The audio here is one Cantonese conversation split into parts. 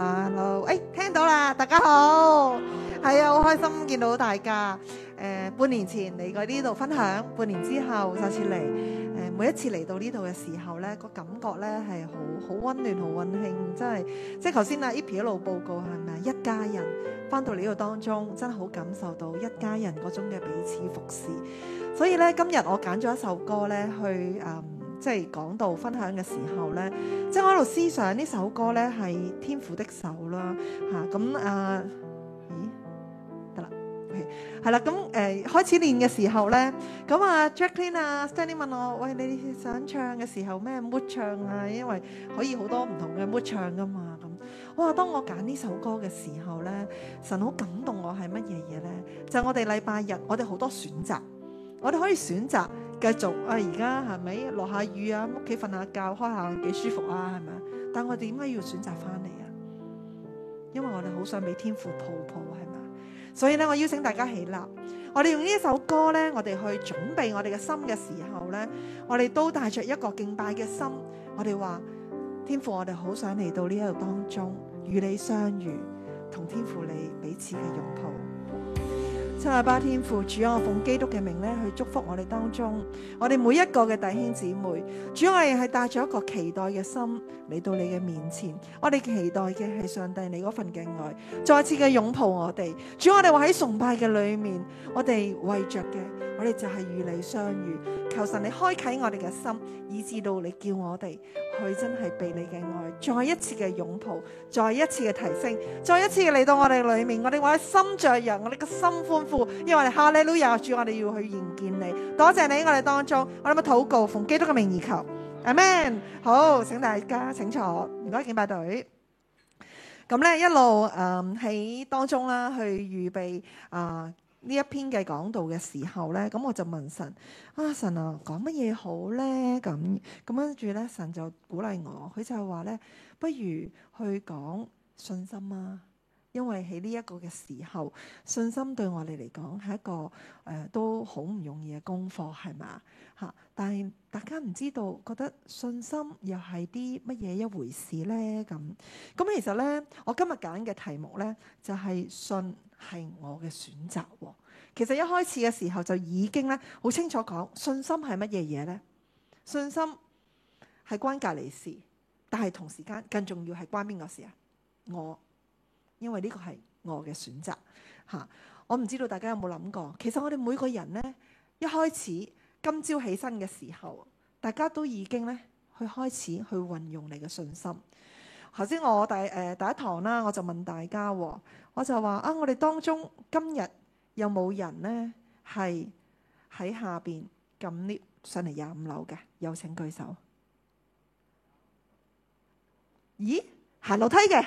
Hello，哎，聽到啦，大家好，係啊，好開心見到大家。誒、呃，半年前嚟過呢度分享，半年之後再次嚟。誒、呃，每一次嚟到呢度嘅時候呢，個感覺呢係好好溫暖好溫馨，真係。即係頭先阿 e p 一路報告係咪一家人返到呢度當中，真係好感受到一家人嗰種嘅彼此服侍。所以呢，今日我揀咗一首歌呢去誒。嗯即係講到分享嘅時候咧，即係我喺度思想呢首歌咧係《天父的手》啦，嚇咁啊，咦，得啦，係、okay. 啦，咁誒、呃、開始練嘅時候咧，咁啊 Jacklin 啊 Stanley 問我，喂，你想唱嘅時候咩 mood 唱啊？因為可以好多唔同嘅 mood 唱噶嘛，咁哇，當我揀呢首歌嘅時候咧，神好感動我係乜嘢嘢咧？就係、我哋禮拜日，我哋好多選擇，我哋可以選擇。繼續啊！而家係咪落下雨啊？屋企瞓下覺，開下幾舒服啊？係咪啊？但我哋點解要選擇翻嚟啊？因為我哋好想俾天父抱抱，係咪？所以咧，我邀請大家起立，我哋用呢一首歌咧，我哋去準備我哋嘅心嘅時候咧，我哋都帶着一個敬拜嘅心，我哋話天父，我哋好想嚟到呢一度當中與你相遇，同天父你彼此嘅擁抱。阿爸天父，主我奉基督嘅名咧，去祝福我哋當中，我哋每一個嘅弟兄姊妹，主我哋係帶咗一個期待嘅心嚟到你嘅面前，我哋期待嘅係上帝你嗰份嘅愛，再次嘅擁抱我哋，主我哋話喺崇拜嘅裏面，我哋為着嘅，我哋就係與你相遇，求神你開啟我哋嘅心，以至到你叫我哋。佢真係被你嘅愛，再一次嘅擁抱，再一次嘅提升，再一次嘅嚟到我哋裏面，我哋我哋心雀躍，我哋個心歡呼，因為我哋哈利路亞，主我哋要去迎見你，多謝你我哋當中，我哋嘅禱告，奉基督嘅名而求，阿門。好，請大家請坐，唔該敬拜隊。咁呢一路誒喺、uh, 當中啦，去預備啊。Uh, 呢一篇嘅講道嘅時候呢，咁我就問神：啊，神啊，講乜嘢好呢？」咁咁跟住呢，神就鼓勵我，佢就話呢：「不如去講信心啊！因為喺呢一個嘅時候，信心對我哋嚟講係一個誒、呃、都好唔容易嘅功課，係咪吓？但係大家唔知道，覺得信心又係啲乜嘢一回事呢。咁咁其實呢，我今日揀嘅題目呢，就係、是、信。係我嘅選擇。其實一開始嘅時候就已經呢，好清楚講信心係乜嘢嘢呢？信心係關隔籬事，但係同時間更重要係關邊個事啊？我因為呢個係我嘅選擇。吓，我唔知道大家有冇諗過？其實我哋每個人呢，一開始今朝起身嘅時候，大家都已經呢，去開始去運用你嘅信心。頭先我第誒、呃、第一堂啦，我就問大家、哦，我就話啊，我哋當中今日有冇人呢？係喺下邊撳 lift 上嚟廿五樓嘅？有請舉手。咦，行樓梯嘅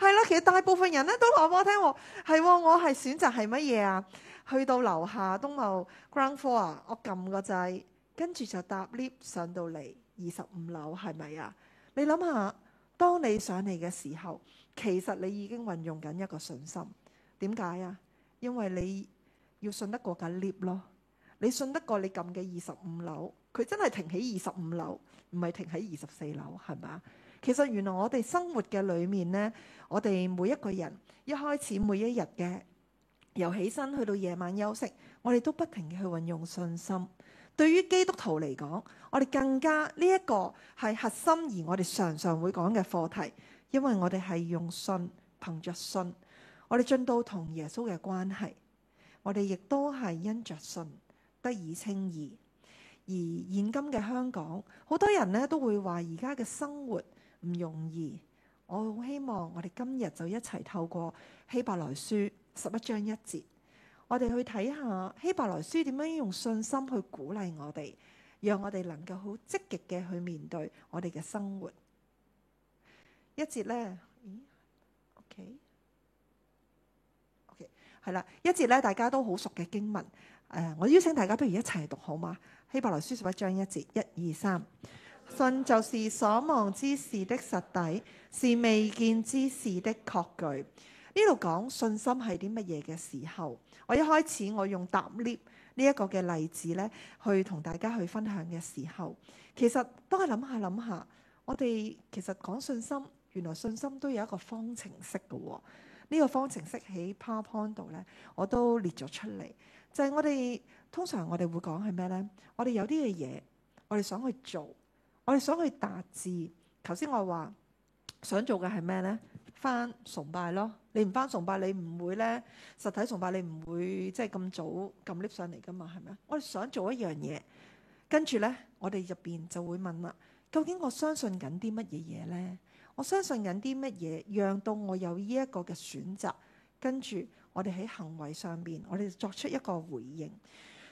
係啦。其實大部分人咧都話俾我聽喎，係我係、哦、選擇係乜嘢啊？去到樓下東茂 Ground Four 啊，我撳個掣，跟住就搭 lift 上到嚟二十五樓，係咪啊？你諗下，當你上嚟嘅時候，其實你已經運用緊一個信心。點解啊？因為你要信得過架 lift 咯，你信得過你撳嘅二十五樓，佢真係停喺二十五樓，唔係停喺二十四樓，係嘛？其實原來我哋生活嘅裏面呢，我哋每一個人一開始每一日嘅由起身去到夜晚休息，我哋都不停嘅去運用信心。對於基督徒嚟講，我哋更加呢一個係核心，而我哋常常會講嘅課題，因為我哋係用信，憑着信，我哋進到同耶穌嘅關係，我哋亦都係因着信得以稱義。而現今嘅香港，好多人呢都會話而家嘅生活唔容易，我好希望我哋今日就一齊透過希伯來書十一章一節。我哋去睇下希伯來書點樣用信心去鼓勵我哋，讓我哋能夠好積極嘅去面對我哋嘅生活。一節呢，嗯，係啦、okay，okay，一節咧大家都好熟嘅經文，誒、呃，我邀請大家不如一齊讀好嘛？希伯來書十一章一節，一二三，信就是所望之事的實底，是未見之事的確據。呢度講信心係啲乜嘢嘅時候，我一開始我用搭 lift 呢一個嘅例子呢去同大家去分享嘅時候，其實當我諗下諗下，我哋其實講信心，原來信心都有一個方程式嘅喎、哦。呢、呢個方程式喺 PowerPoint 度呢，我都列咗出嚟，就係、是、我哋通常我哋會講係咩呢？我哋有啲嘅嘢，我哋想去做，我哋想去達致。頭先我話想做嘅係咩呢？翻崇拜咯，你唔翻崇拜你，你唔會咧實體崇拜你，你唔會即係咁早撳 lift 上嚟噶嘛，係咪啊？我哋想做一樣嘢，跟住咧，我哋入邊就會問啦，究竟我相信緊啲乜嘢嘢咧？我相信緊啲乜嘢，讓到我有呢一個嘅選擇，跟住我哋喺行為上面，我哋作出一個回應。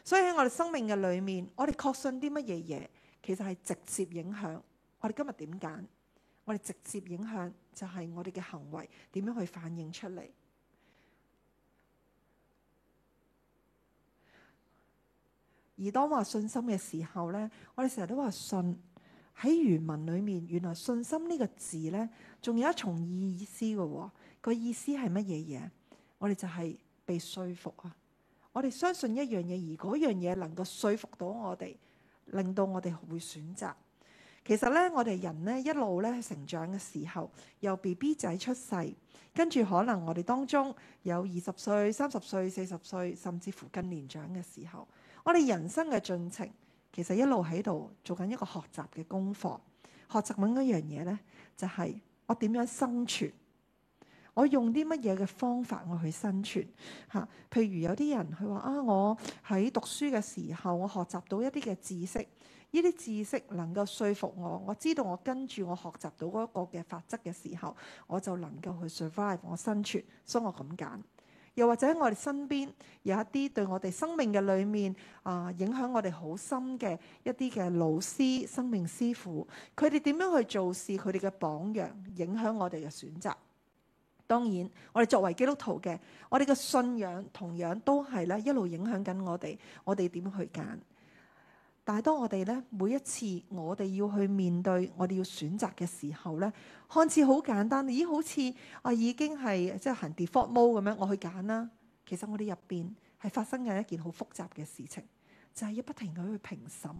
所以喺我哋生命嘅裏面，我哋確信啲乜嘢嘢，其實係直接影響我哋今日點揀，我哋直接影響。就係我哋嘅行為點樣去反映出嚟？而當話信心嘅時候咧，我哋成日都話信喺原文裏面，原來信心呢個字咧，仲有一重意思嘅，哦。個意思係乜嘢嘢？我哋就係被說服啊！我哋相信一樣嘢，而嗰樣嘢能夠說服到我哋，令到我哋會選擇。其實咧，我哋人咧一路咧成長嘅時候，由 BB 仔出世，跟住可能我哋當中有二十歲、三十歲、四十歲，甚至乎更年長嘅時候，我哋人生嘅進程其實一路喺度做緊一個學習嘅功課。學習緊一樣嘢咧，就係我點樣生存。我用啲乜嘢嘅方法我去生存嚇？啊，譬如有啲人佢話啊，我喺讀書嘅時候，我學習到一啲嘅知識，呢啲知識能夠說服我，我知道我跟住我學習到嗰個嘅法則嘅時候，我就能夠去 survive 我生存，所以我咁揀，又或者我哋身邊有一啲對我哋生命嘅裏面啊，影響我哋好深嘅一啲嘅老師生命師傅，佢哋點樣去做事，佢哋嘅榜樣影響我哋嘅選擇。當然，我哋作為基督徒嘅，我哋嘅信仰同樣都係咧一路影響緊我哋。我哋點去揀？但係當我哋咧每一次我哋要去面對我哋要選擇嘅時候咧，看似好簡單，咦、哎？好似啊已經係即係行 default mode 咁樣我去揀啦。其實我哋入邊係發生緊一件好複雜嘅事情，就係、是、要不停咁去評審，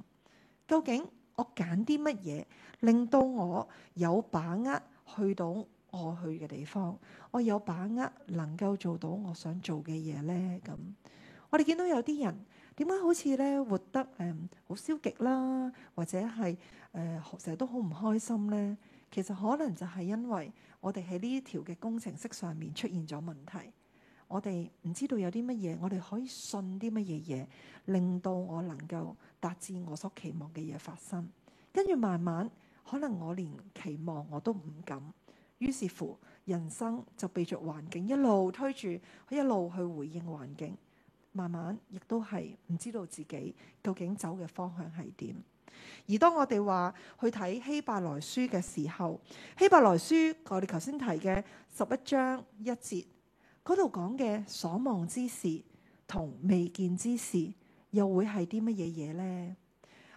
究竟我揀啲乜嘢令到我有把握去到，我去嘅地方，我有把握能夠做到我想做嘅嘢咧。咁我哋見到有啲人點解好似咧活得誒好、嗯、消極啦，或者係誒成日都好唔開心咧？其實可能就係因為我哋喺呢一條嘅工程式上面出現咗問題，我哋唔知道有啲乜嘢，我哋可以信啲乜嘢嘢，令到我能夠達至我所期望嘅嘢發生。跟住慢慢可能我連期望我都唔敢。於是乎，人生就被着環境一路推住，一路去回應環境，慢慢亦都係唔知道自己究竟走嘅方向係點。而當我哋話去睇希伯來書嘅時候，希伯來書我哋頭先提嘅十一章一節嗰度講嘅所望之事同未見之事，又會係啲乜嘢嘢呢？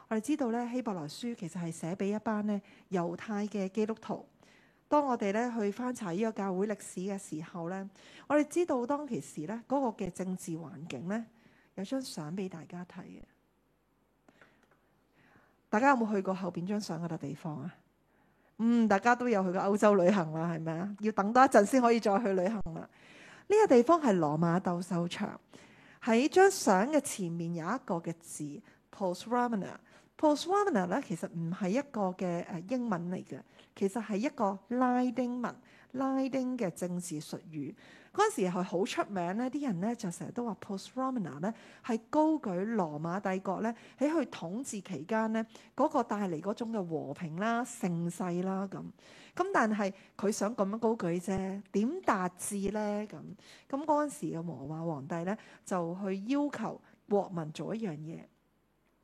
我哋知道咧，希伯來書其實係寫俾一班呢猶太嘅基督徒。當我哋咧去翻查呢個教會歷史嘅時候咧，我哋知道當其時咧嗰個嘅政治環境咧，有張相俾大家睇嘅。大家有冇去過後邊張相嗰度地方啊？嗯，大家都有去過歐洲旅行啦，係咪啊？要等多一陣先可以再去旅行啦。呢個地方係羅馬鬥獸場。喺張相嘅前面，有一個嘅字 Postrema。Postrema 咧 post 其實唔係一個嘅誒英文嚟嘅。其實係一個拉丁文、拉丁嘅政治術語。嗰陣時係好出名咧，啲人咧就成日都話 Pax Romana 咧係高舉羅馬帝國咧喺佢統治期間咧嗰個帶嚟嗰種嘅和平啦、盛世啦咁。咁但係佢想咁樣高舉啫，點達至咧咁？咁嗰陣時嘅羅馬皇帝咧就去要求國民做一樣嘢，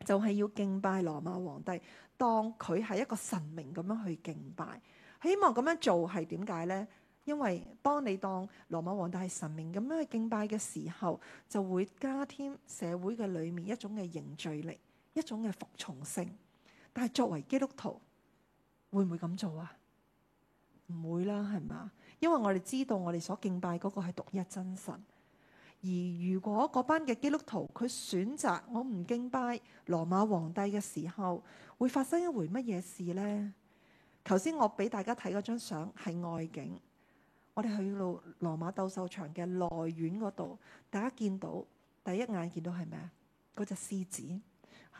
就係要敬拜羅馬皇帝。當佢係一個神明咁樣去敬拜，希望咁樣做係點解呢？因為當你當羅馬皇帝係神明咁樣去敬拜嘅時候，就會加添社會嘅裏面一種嘅凝聚力，一種嘅服從性。但係作為基督徒，會唔會咁做啊？唔會啦，係咪？因為我哋知道我哋所敬拜嗰個係獨一真神。而如果嗰班嘅基督徒佢，選擇我唔敬拜羅馬皇帝嘅時候，會發生一回乜嘢事咧？頭先我俾大家睇嗰張相係外景，我哋去到羅馬鬥獸場嘅內院嗰度，大家見到第一眼見到係咩啊？嗰隻獅子。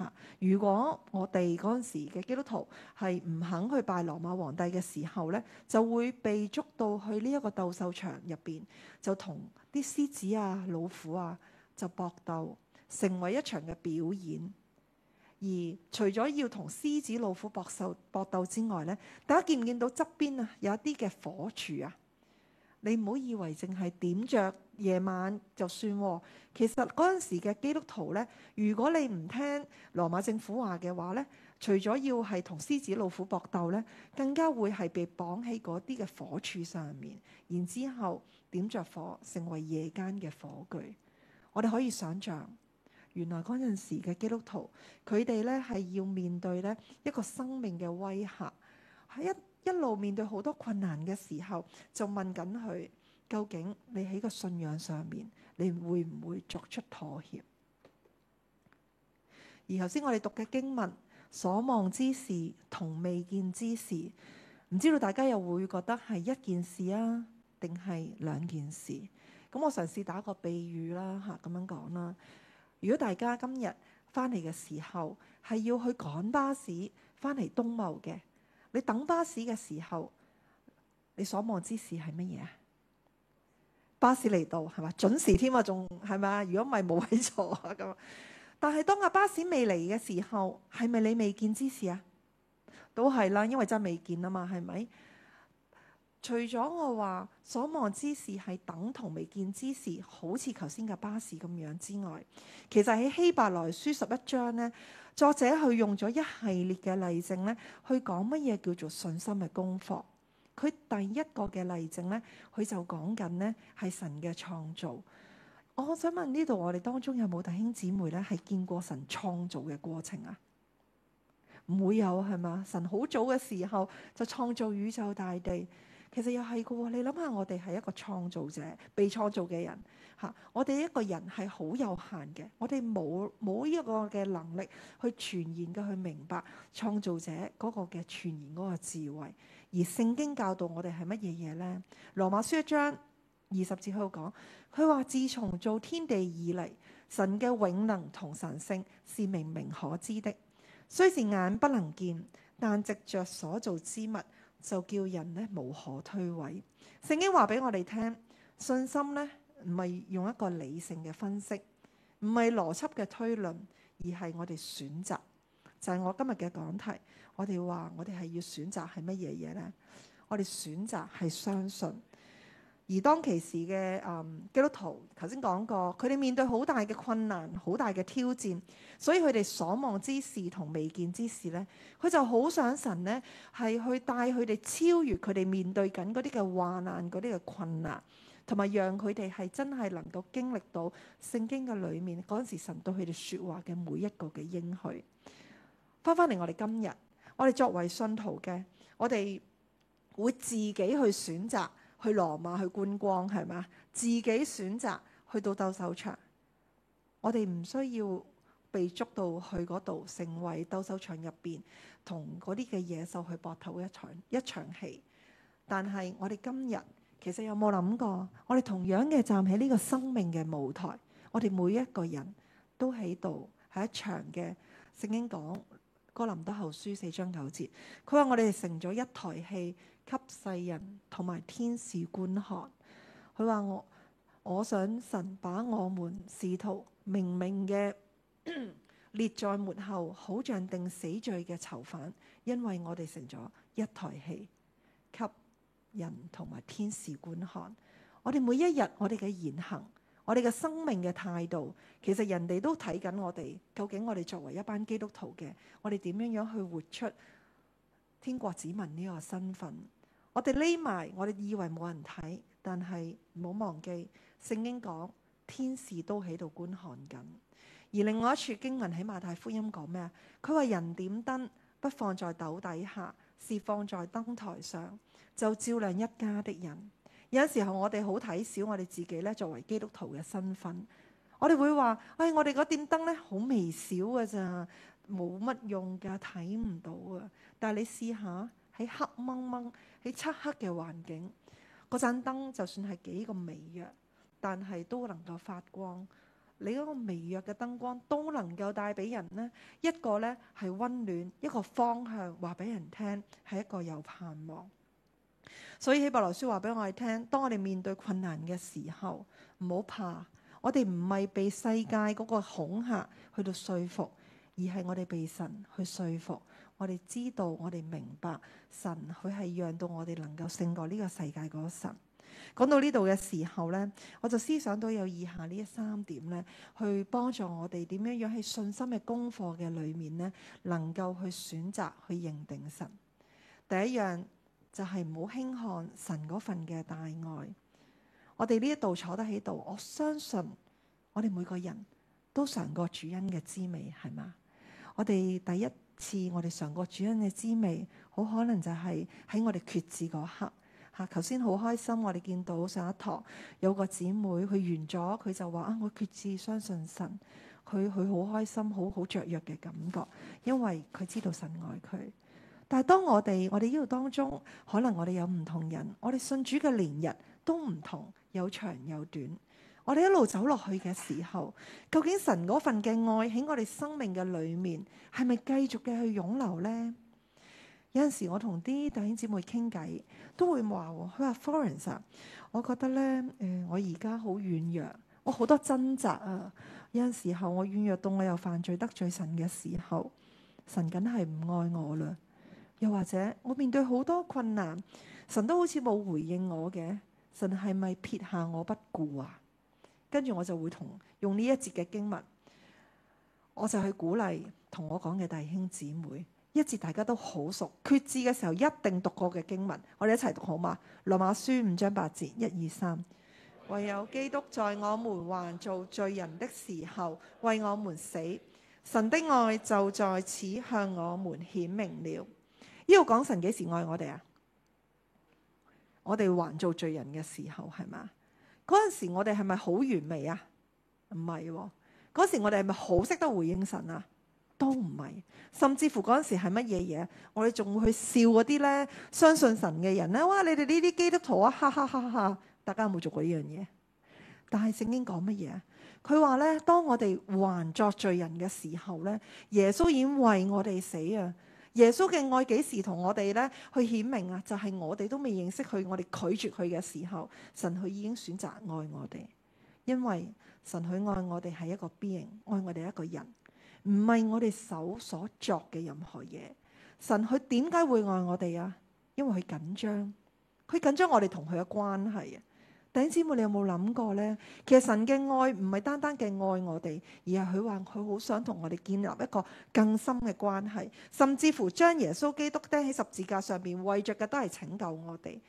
啊！如果我哋嗰陣時嘅基督徒係唔肯去拜羅馬皇帝嘅時候呢，就會被捉到去呢一個鬥獸場入邊，就同啲獅子啊、老虎啊就搏鬥，成為一場嘅表演。而除咗要同獅子老虎搏鬥搏鬥之外呢，大家見唔見到側邊啊有一啲嘅火柱啊？你唔好以為淨係點着夜晚就算喎，其實嗰陣時嘅基督徒呢，如果你唔聽羅馬政府話嘅話呢，除咗要係同獅子老虎搏鬥呢，更加會係被綁喺嗰啲嘅火柱上面，然之後點着火，成為夜間嘅火炬。我哋可以想象，原來嗰陣時嘅基督徒，佢哋呢係要面對呢一個生命嘅威嚇，喺一一路面對好多困難嘅時候，就問緊佢：究竟你喺個信仰上面，你會唔會作出妥協？而頭先我哋讀嘅經文，所望之事同未見之事，唔知道大家又會覺得係一件事啊，定係兩件事？咁我嘗試打個比喻啦，吓，咁樣講啦。如果大家今日返嚟嘅時候係要去趕巴士返嚟東茂嘅。你等巴士嘅時候，你所望之事係乜嘢啊？巴士嚟到係咪？準時添啊，仲係咪？如果唔係冇位坐啊咁。但係當架巴士未嚟嘅時候，係咪你未見之事啊？都係啦，因為真係未見啊嘛，係咪？除咗我話所望之事係等同未見之事，好似頭先嘅巴士咁樣之外，其實喺希伯來書十一章呢。作者佢用咗一系列嘅例證咧，去講乜嘢叫做信心嘅功課。佢第一個嘅例證咧，佢就講緊咧係神嘅創造。我想問呢度我哋當中有冇弟兄姊妹咧係見過神創造嘅過程啊？唔會有，係嘛？神好早嘅時候就創造宇宙大地。其實又係噶喎，你諗下，我哋係一個創造者，被創造嘅人嚇。我哋一個人係好有限嘅，我哋冇冇一個嘅能力去傳言嘅去明白創造者嗰個嘅傳言嗰個智慧。而聖經教導我哋係乜嘢嘢咧？羅馬書一章二十節佢講，佢話自從造天地以嚟，神嘅永能同神性是明明可知的，雖是眼不能見，但藉着所造之物，就叫人咧無可推諉。聖經話俾我哋聽，信心咧唔係用一個理性嘅分析，唔係邏輯嘅推論，而係我哋選擇，就係我今日嘅講題，我哋話我哋係要選擇係乜嘢嘢咧？我哋選擇係相信。而當其時嘅嗯基督徒，頭先講過，佢哋面對好大嘅困難，好大嘅挑戰，所以佢哋所望之事同未見之事咧，佢就好想神咧，係去帶佢哋超越佢哋面對緊嗰啲嘅患難、嗰啲嘅困難，同埋讓佢哋係真係能夠經歷到聖經嘅裏面嗰陣時神對佢哋說話嘅每一個嘅應許。返返嚟，我哋今日，我哋作為信徒嘅，我哋會自己去選擇。去羅馬去觀光係嘛？自己選擇去到鬥獸場，我哋唔需要被捉到去嗰度，成為鬥獸場入邊同嗰啲嘅野獸去搏鬥一場一場戲。但係我哋今日其實有冇諗過？我哋同樣嘅站喺呢個生命嘅舞台，我哋每一個人都喺度係一場嘅。聖經講哥林多後書四章九節，佢話我哋成咗一台戲。給世人同埋天使觀看，佢話我，我想神把我們使徒明明嘅列在末後，好像定死罪嘅囚犯，因為我哋成咗一台戲，給人同埋天使觀看。我哋每一日，我哋嘅言行，我哋嘅生命嘅態度，其實人哋都睇緊我哋。究竟我哋作為一班基督徒嘅，我哋點樣樣去活出天國子民呢個身份？我哋匿埋，我哋以為冇人睇，但係唔好忘記，聖經講天使都喺度觀看緊。而另外一處經文喺馬太福音講咩啊？佢話人點燈不放在斗底下，是放在燈台上，就照亮一家的人。有時候我哋好睇小我哋自己咧，作為基督徒嘅身份，我哋會話：唉、哎，我哋個點燈咧好微小㗎咋，冇乜用㗎，睇唔到啊！但係你試下。喺黑掹掹、喺漆黑嘅環境，嗰盞燈就算係幾咁微弱，但係都能夠發光。你嗰個微弱嘅燈光都能夠帶俾人呢一個呢係溫暖，一個方向，話俾人聽係一個有盼望。所以希伯來書話俾我哋聽，當我哋面對困難嘅時候，唔好怕。我哋唔係被世界嗰個恐嚇去到説服，而係我哋被神去説服。我哋知道，我哋明白神佢係讓到我哋能夠勝過呢個世界嗰神。講到呢度嘅時候咧，我就思想到有以下呢三點咧，去幫助我哋點樣樣喺信心嘅功課嘅裏面咧，能夠去選擇去認定神。第一樣就係唔好輕看神嗰份嘅大愛。我哋呢一度坐得喺度，我相信我哋每個人都嘗過主恩嘅滋味，係嘛？我哋第一。賜我哋嘗過主恩嘅滋味，好可能就係喺我哋決志嗰刻吓。頭先好開心，我哋見到上一堂有一個姊妹佢完咗，佢就話啊，我決志相信神，佢佢好開心，好好雀躍嘅感覺，因為佢知道神愛佢。但係當我哋我哋呢度當中，可能我哋有唔同人，我哋信主嘅年日都唔同，有長有短。我哋一路走落去嘅時候，究竟神嗰份嘅愛喺我哋生命嘅裏面係咪繼續嘅去湧流呢？有陣時我同啲弟兄姊妹傾偈都會話，哦，佢話 Florence 啊，我覺得咧，誒、呃，我而家好軟弱，我好多掙扎啊。有陣時候我軟弱到我又犯罪得罪神嘅時候，神梗係唔愛我啦。又或者我面對好多困難，神都好似冇回應我嘅，神係咪撇下我不顧啊？跟住我就會同用呢一節嘅經文，我就去鼓勵同我講嘅弟兄姊妹，一節大家都好熟，決志嘅時候一定讀過嘅經文，我哋一齊讀好嘛？羅馬書五章八節，一二三，唯有基督在我們還做罪人的時候為我們死，神的愛就在此向我們顯明了。呢度講神幾時愛我哋啊？我哋還做罪人嘅時候，係嘛？嗰陣時我哋係咪好完美啊？唔係，嗰時我哋係咪好識得回應神啊？都唔係，甚至乎嗰陣時係乜嘢嘢？我哋仲會去笑嗰啲咧，相信神嘅人咧，哇！你哋呢啲基督徒啊，哈哈哈哈！大家有冇做過呢樣嘢？但係聖經講乜嘢？佢話咧，當我哋還作罪人嘅時候咧，耶穌已經為我哋死啊！耶穌嘅愛幾時同我哋咧去顯明啊？就係我哋都未認識佢，我哋拒絕佢嘅時候，神佢已經選擇愛我哋。因為神佢愛我哋係一個 being，愛我哋一個人，唔係我哋手所作嘅任何嘢。神佢點解會愛我哋啊？因為佢緊張，佢緊張我哋同佢嘅關係啊！弟兄姊妹，你有冇諗過呢？其實神嘅愛唔係單單嘅愛我哋，而係佢話佢好想同我哋建立一個更深嘅關係，甚至乎將耶穌基督釘喺十字架上面，為着嘅都係拯救我哋。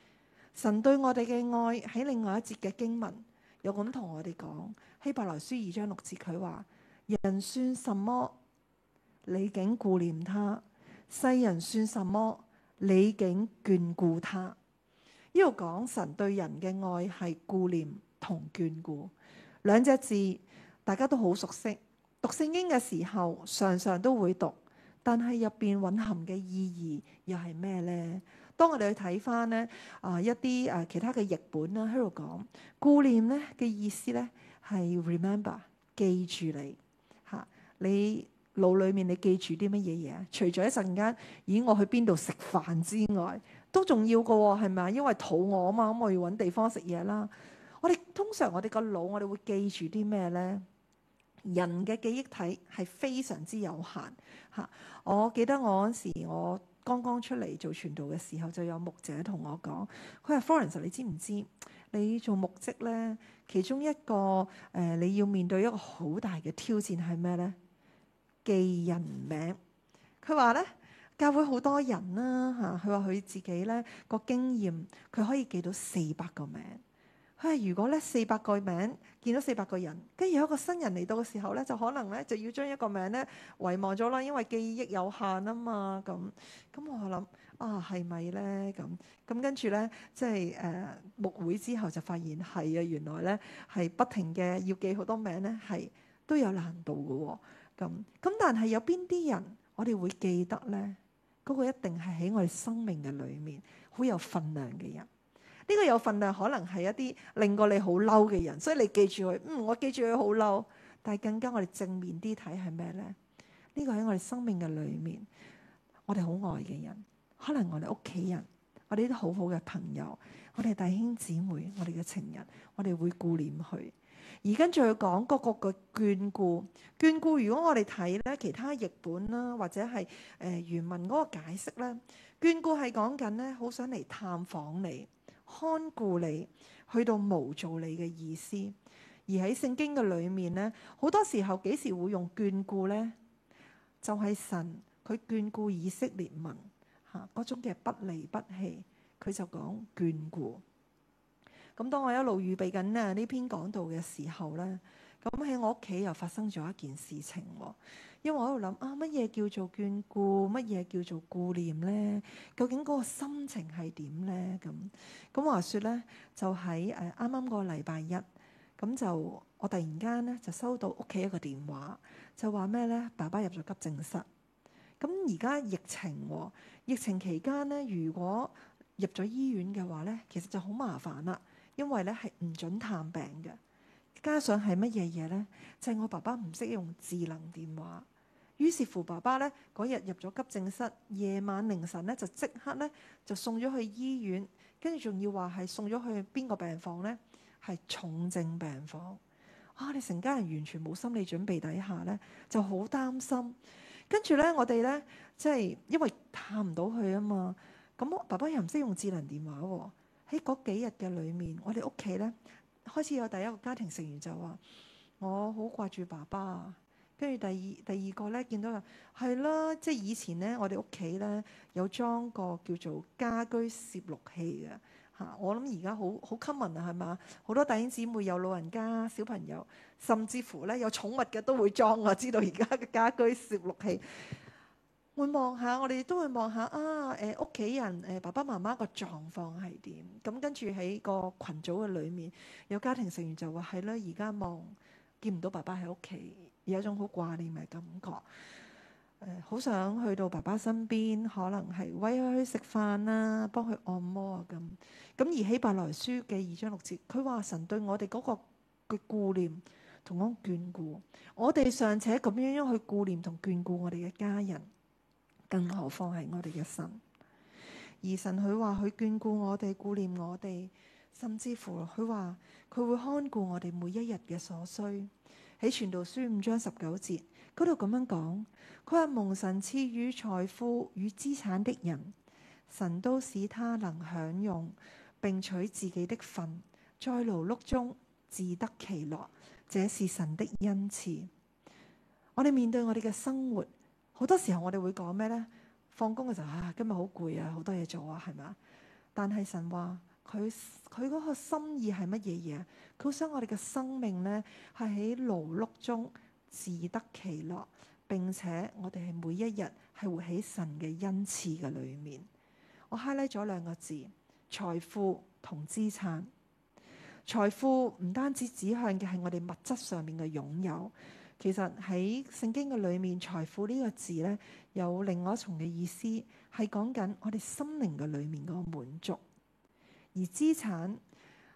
神對我哋嘅愛喺另外一節嘅經文有咁同我哋講，《希伯來書》二章六節，佢話：人算什麼，你竟顧念他；世人算什麼，你竟眷顧他。呢度講神對人嘅愛係顧念同眷顧兩隻字，大家都好熟悉。讀聖經嘅時候，常常都會讀，但係入邊藴含嘅意義又係咩呢？當我哋去睇翻呢啊一啲啊其他嘅譯本啦，喺度講顧念咧嘅意思咧係 Remember，記住你嚇。你腦裏面你記住啲乜嘢嘢？除咗一陣間，咦我去邊度食飯之外。都重要噶喎、哦，係咪啊？因為肚餓啊嘛，咁、嗯、我要搵地方食嘢啦。我哋通常我哋個腦，我哋會記住啲咩咧？人嘅記憶體係非常之有限嚇、啊。我記得我嗰時我剛剛出嚟做傳道嘅時候，就有牧者同我講，佢話，Florence，你知唔知你做牧職咧？其中一個誒、呃，你要面對一個好大嘅挑戰係咩咧？記人名。佢話咧。教會好多人啦、啊、嚇，佢話佢自己咧，個經驗，佢可以記到四百個名。佢話如果咧四百個名，見到四百個人，跟住有一個新人嚟到嘅時候咧，就可能咧就要將一個名咧遺忘咗啦，因為記憶有限啊嘛。咁咁我諗啊，係咪咧？咁咁跟住咧，即係誒牧會之後就發現係啊，原來咧係不停嘅要記好多名咧，係都有難度嘅喎、哦。咁咁但係有邊啲人我哋會記得咧？嗰個一定係喺我哋生命嘅裏面好有分量嘅人，呢個有份量可能係一啲令過你好嬲嘅人，所以你記住佢，嗯，我記住佢好嬲，但係更加我哋正面啲睇係咩呢？呢個喺我哋生命嘅裏面，我哋好愛嘅人，可能我哋屋企人，我哋啲好好嘅朋友，我哋弟兄姊妹，我哋嘅情人，我哋會顧念佢。而跟住講個個嘅眷顧，眷顧。如果我哋睇咧其他譯本啦，或者係誒原文嗰個解釋咧，眷顧係講緊咧，好想嚟探訪你、看顧你，去到無造你嘅意思。而喺聖經嘅裡面咧，好多時候幾時會用眷顧咧？就係、是、神佢眷顧以色列民，嚇嗰種嘅不離不棄，佢就講眷顧。咁當我一路預備緊咧呢篇講道嘅時候咧，咁喺我屋企又發生咗一件事情喎。因為我喺度諗啊，乜嘢叫做眷顧？乜嘢叫做顧念咧？究竟嗰個心情係點咧？咁咁話説咧，就喺誒啱啱個禮拜一，咁就我突然間咧就收到屋企一個電話，就話咩咧？爸爸入咗急症室。咁而家疫情喎，哦，疫情期間咧，如果入咗醫院嘅話咧，其實就好麻煩啦。因為咧係唔准探病嘅，加上係乜嘢嘢咧？就係我爸爸唔識用智能電話，於是乎爸爸咧，嗰日入咗急症室，夜晚凌晨咧就即刻咧就送咗去醫院，跟住仲要話係送咗去邊個病房咧？係重症病房啊！你成家人完全冇心理準備底下咧，就好擔心。跟住咧，我哋咧即係因為探唔到佢啊嘛，咁爸爸又唔識用智能電話。喺嗰幾日嘅裏面，我哋屋企咧開始有第一個家庭成員就話：我好掛住爸爸啊！」跟住第二第二個咧見到話係啦，即係以前咧我哋屋企咧有裝個叫做家居攝錄器嘅嚇啊。我諗而家好好 common 啊，係咪？好多弟兄姊妹有老人家、小朋友，甚至乎咧有寵物嘅都會裝。我知道而家嘅家居攝錄器，會望下，我哋都會望下啊！誒屋企人誒、呃、爸爸媽媽個狀況係點？咁跟住喺個群組嘅裏面，有家庭成員就話係啦，而家望見唔到爸爸喺屋企，有一種好掛念嘅感覺。誒、呃，好想去到爸爸身邊，可能係餵佢食飯啊，幫佢按摩啊咁。咁而希伯來書嘅二章六節，佢話神對我哋嗰個嘅顧念同埋眷顧，我哋尚且咁樣樣去顧念同眷顧我哋嘅家人。更何況係我哋嘅神。而神佢話佢眷顧我哋、顧念我哋，甚至乎佢話佢會看顧我哋每一日嘅所需。喺傳道書五章十九節嗰度咁樣講，佢話，蒙神賜予財富與資產的人，神都使他能享用，並取自己的份，在勞碌中自得其樂，這是神的恩賜。我哋面對我哋嘅生活。好多時候我哋會講咩呢？放工嘅時候，啊，今日好攰啊，好多嘢做啊，係咪啊？但係神話佢佢嗰個心意係乜嘢嘢？佢好想我哋嘅生命呢，係喺勞碌中自得其樂，並且我哋係每一日係活喺神嘅恩賜嘅裏面。我 highlight 咗兩個字：財富同資產。財富唔單止指向嘅係我哋物質上面嘅擁有。其實喺聖經嘅裏面，財富呢個字呢，有另外一重嘅意思，係講緊我哋心靈嘅裏面嗰個滿足。而資產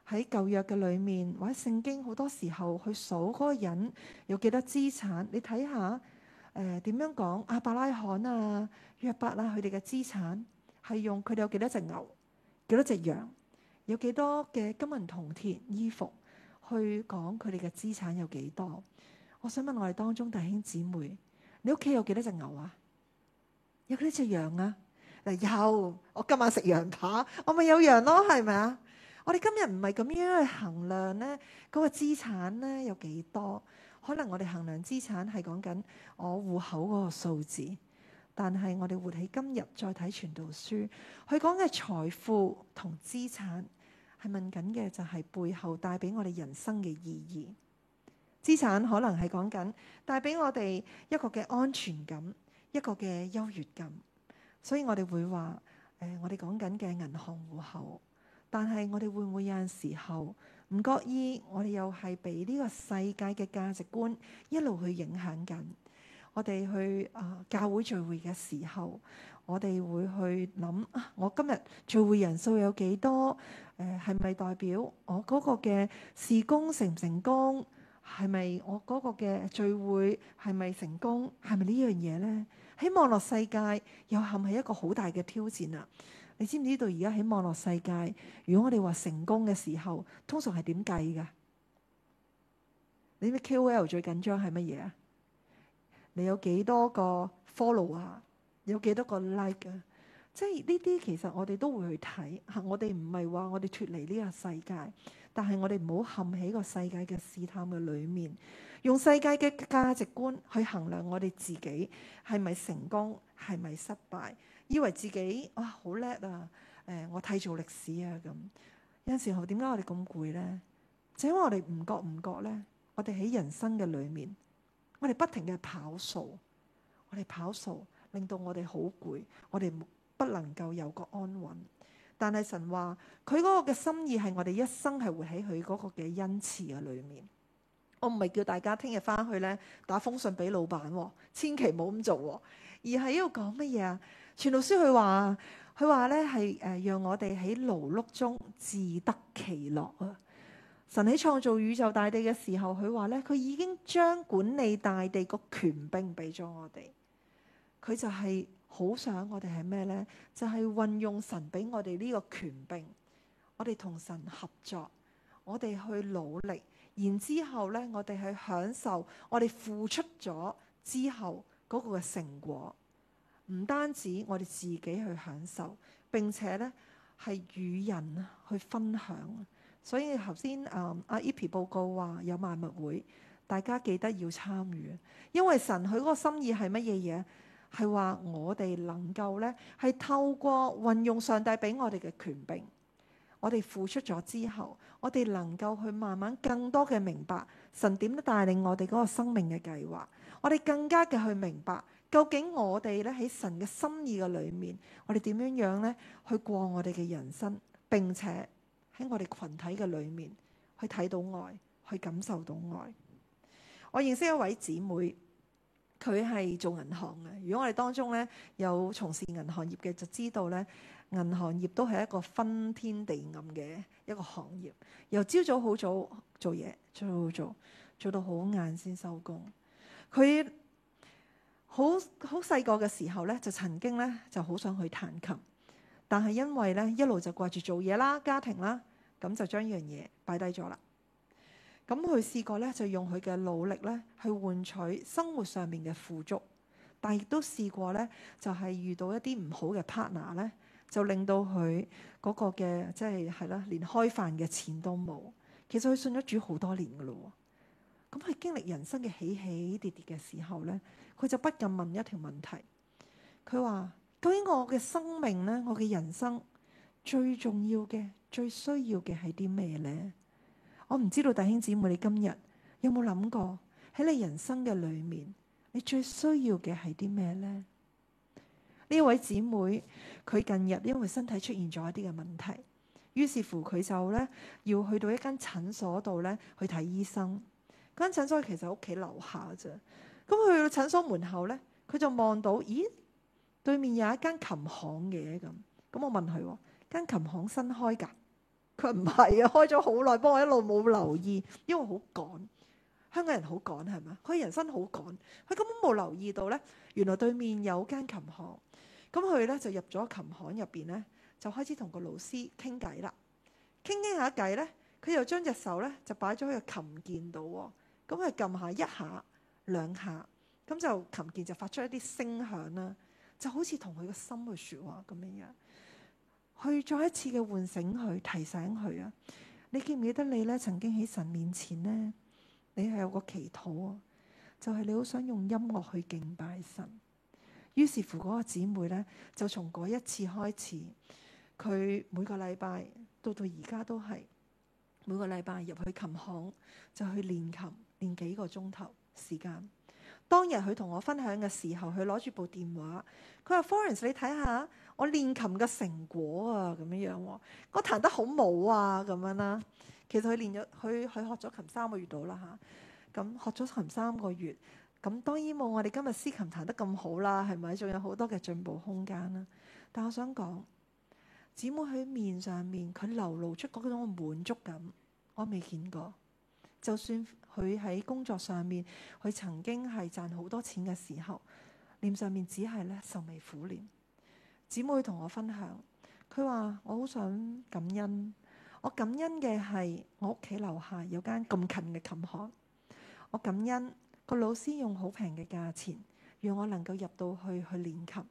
喺舊約嘅裏面或者聖經好多時候去數嗰個人有幾多資產，你睇下誒點樣講？亞伯拉罕啊、約伯啊，佢哋嘅資產係用佢哋有幾多隻牛、幾多隻羊、有幾多嘅金銀銅鐵衣服去講佢哋嘅資產有幾多？我想問我哋當中弟兄姊妹，你屋企有幾多隻牛啊？有幾多隻羊啊？嗱，有，我今晚食羊扒，我咪有羊咯，係咪啊？我哋今日唔係咁樣去衡量咧，嗰個資產咧有幾多？可能我哋衡量資產係講緊我戶口嗰個數字，但係我哋活喺今日再睇傳道書，佢講嘅財富同資產係問緊嘅就係背後帶俾我哋人生嘅意義。資產可能係講緊帶俾我哋一個嘅安全感，一個嘅優越感，所以我哋會話誒、呃，我哋講緊嘅銀行戶口。但係我哋會唔會有陣時候唔覺意，我哋又係俾呢個世界嘅價值觀一路去影響緊我哋去啊、呃？教會聚會嘅時候，我哋會去諗啊，我今日聚會人數有幾多？誒係咪代表我嗰個嘅事工成唔成功？係咪我嗰個嘅聚會係咪成功？係咪呢樣嘢咧？喺網絡世界又係唔係一個好大嘅挑戰啊？你知唔知道而家喺網絡世界，如果我哋話成功嘅時候，通常係點計噶？你啲 KOL 最緊張係乜嘢啊？你有幾多個 follow 啊？有幾多個 like 啊？即係呢啲，其實我哋都會去睇吓，我哋唔係話我哋脫離呢個世界。但係我哋唔好陷喺個世界嘅試探嘅裏面，用世界嘅價值觀去衡量我哋自己係咪成功，係咪失敗？以為自己哇好叻啊！誒、啊呃，我睇做歷史啊咁。有陣時候點解我哋咁攰呢？就是、因為我哋唔覺唔覺呢。我哋喺人生嘅裏面，我哋不停嘅跑數，我哋跑數令到我哋好攰，我哋不能夠有個安穩。但係神話佢嗰個嘅心意係我哋一生係活喺佢嗰個嘅恩賜嘅裏面。我唔係叫大家聽日翻去咧打封信俾老闆喎，千祈冇咁做喎。而係喺度講乜嘢啊？全老師佢話，佢話咧，係誒，讓我哋喺勞碌中自得其樂啊！神喺創造宇宙大地嘅時候，佢話咧，佢已經將管理大地個權柄俾咗我哋，佢就係、是。好想我哋係咩呢？就係、是、運用神俾我哋呢個權柄，我哋同神合作，我哋去努力，然之後呢，我哋去享受，我哋付出咗之後嗰個嘅成果，唔單止我哋自己去享受，並且呢係與人去分享。所以頭先啊阿 Epi 報告話有賣物會，大家記得要參與，因為神佢嗰個心意係乜嘢嘢？係話我哋能夠呢，係透過運用上帝俾我哋嘅權柄，我哋付出咗之後，我哋能夠去慢慢更多嘅明白神點樣帶領我哋嗰個生命嘅計劃。我哋更加嘅去明白，究竟我哋咧喺神嘅心意嘅裏面，我哋點樣樣呢去過我哋嘅人生，並且喺我哋群體嘅裏面去睇到愛，去感受到愛。我認識一位姊妹。佢係做銀行嘅。如果我哋當中咧有從事銀行業嘅，就知道咧銀行業都係一個昏天地暗嘅一個行業。由朝早好早做嘢，做做好做，做到好晏先收工。佢好好細個嘅時候咧，就曾經咧就好想去彈琴，但係因為咧一路就掛住做嘢啦、家庭啦，咁就將呢樣嘢擺低咗啦。咁佢試過咧，就用佢嘅努力咧去換取生活上面嘅富足，但亦都試過咧，就係、是、遇到一啲唔好嘅 partner 咧，就令到佢嗰個嘅即係係啦，連開飯嘅錢都冇。其實佢信咗主好多年噶啦，咁佢經歷人生嘅起起跌跌嘅時候咧，佢就不禁問一條問題：佢話，究竟我嘅生命咧，我嘅人生最重要嘅、最需要嘅係啲咩咧？我唔知道弟兄姊妹，你今日有冇諗過喺你人生嘅裏面，你最需要嘅係啲咩呢？呢位姐妹佢近日因為身體出現咗一啲嘅問題，於是乎佢就咧要去到一間診所度咧去睇醫生。嗰間診所其實喺屋企樓下咋。咁去到診所門口咧，佢就望到咦，對面有一間琴行嘅。咁。咁我問佢，間琴行新開噶？佢唔係啊，開咗好耐，不過我一路冇留意，因為好趕，香港人好趕係咪。佢人生好趕，佢根本冇留意到咧，原來對面有間琴行，咁佢咧就入咗琴行入邊咧，就開始同個老師傾偈啦，傾傾下偈咧，佢又將隻手咧就擺咗喺個琴鍵度，咁佢撳下一下兩下，咁就琴鍵就發出一啲聲響啦，就好似同佢個心去説話咁樣。去再一次嘅喚醒佢，提醒佢啊！你記唔記得你咧曾經喺神面前咧，你係有個祈禱啊？就係、是、你好想用音樂去敬拜神。於是乎，嗰個姊妹咧就從嗰一次開始，佢每個禮拜到到而家都係每個禮拜入去琴行就去練琴，練幾個鐘頭時間。當日佢同我分享嘅時候，佢攞住部電話，佢話：Florence，你睇下。我練琴嘅成果啊，咁樣樣、啊、我彈得好冇啊，咁樣啦、啊。其實佢練咗佢佢學咗琴三個月到啦吓，咁、啊嗯、學咗琴三個月，咁、嗯、當然冇我哋今日司琴彈得咁好啦，係咪？仲有好多嘅進步空間啦、啊。但我想講，姊妹喺面上面佢流露出嗰種滿足感，我未見過。就算佢喺工作上面，佢曾經係賺好多錢嘅時候，臉上面只係咧愁眉苦臉。姊妹同我分享，佢話我好想感恩，我感恩嘅係我屋企樓下有間咁近嘅琴行，我感恩個老師用好平嘅價錢讓我能夠入到去去練琴，